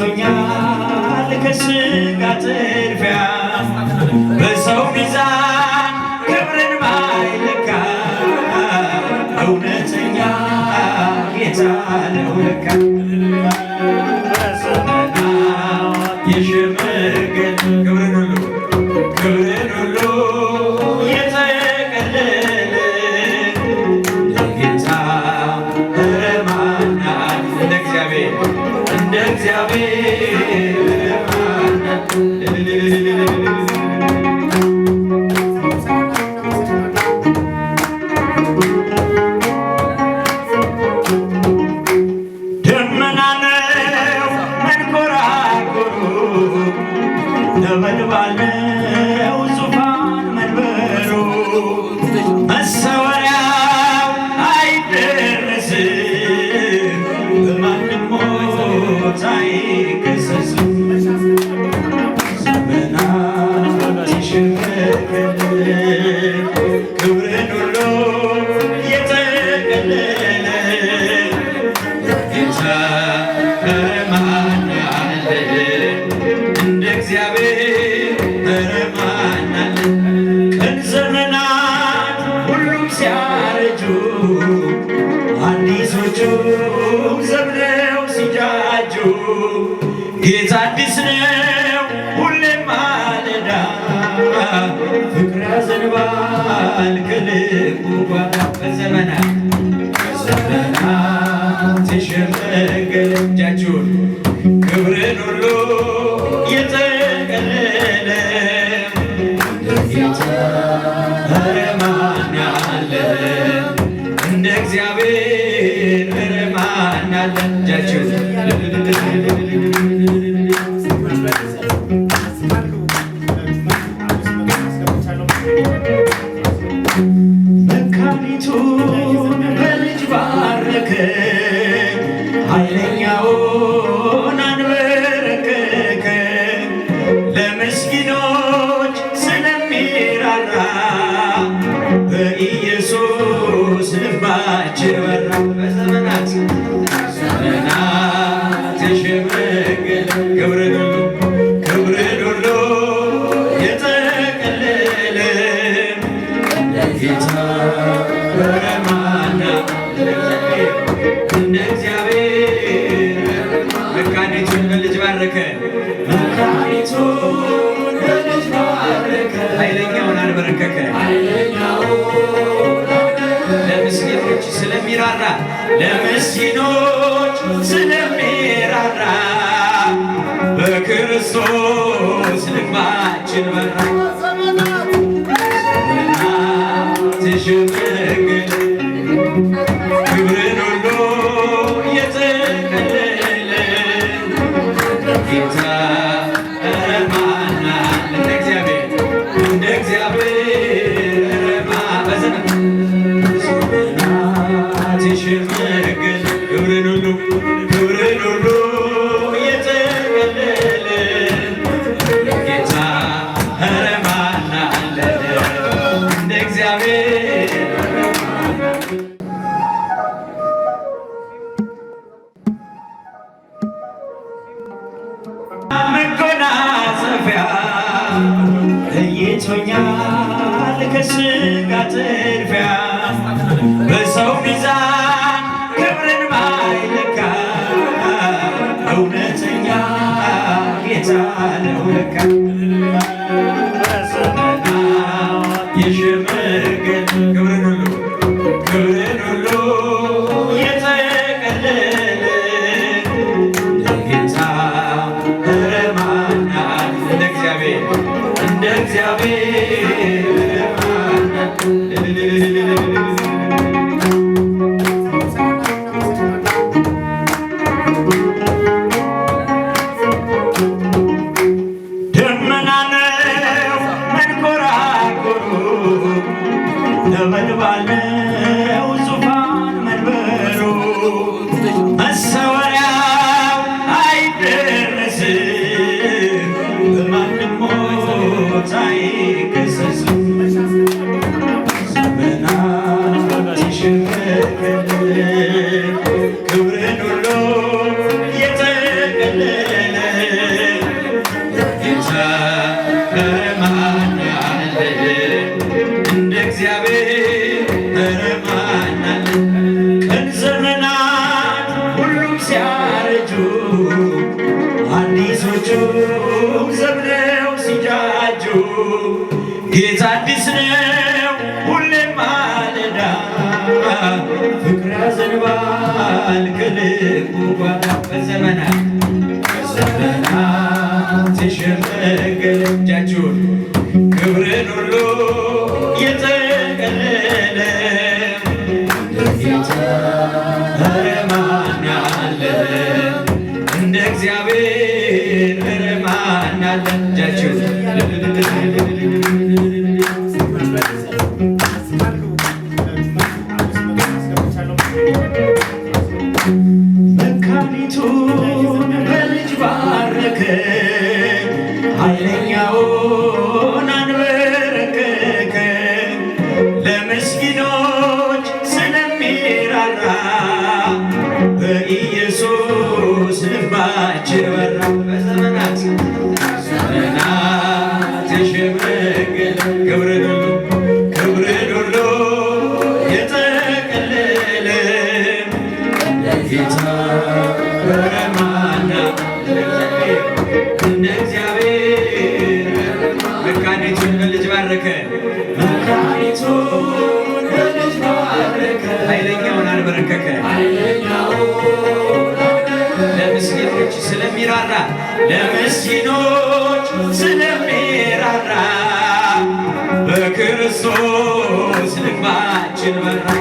አድርሶኛል ከስጋ ጥድፊያ በሰው ሚዛን ክብርን ማይለካ እውነተኛ ጌታ ነው ለካ ሲያረጁ አዲሶቹ ዘምነው ሲጃጁ ጌታ አዲስ ነው ሁሌም ማለዳ ፍቅር ያዘንባል ከልቡ ጓዳ በዘመናት በዘመናት የሸመገለ እጃችሁን ክብርን ሁሉ የጠቀለለ ዳዊቱ በልጅ ባረከ ኃይለኛውን አንበረከከ ለምስኪኖች ስለሚራራ ስለሚራራ ለምስኪኖች ስለሚራራ በክርስቶስ ልባችን በራ ማረፊያ ለይቶኛል ከስጋ ትርፊያ በሰው ሚዛን ክብርን ማይለካ እውነተኛ ጌታ ነው ለካ ዘምነው ሲጃጁ ጌታ አዲስ ነው ሁሌም ማለዳ ፍቅር ያዘንባል ከልቡ ጓዳ በዘመናት በዘመናት እጃችሁን ክብርን ሁሉ ዳዊቱ በልጅ ባረከ ኃይለኛውን አንበረከከ ለምስኪኖች ስለሚራራ በኢየሱስ ልባችን በራ በዘመናት ክብርን ሁሉ የጠቀለለ ኃይለኛውን አልበረከከ ለምስኪኖች ስለሚራራ ለምስኪኖች ስለሚራራ በክርስቶስ ልባችን በራ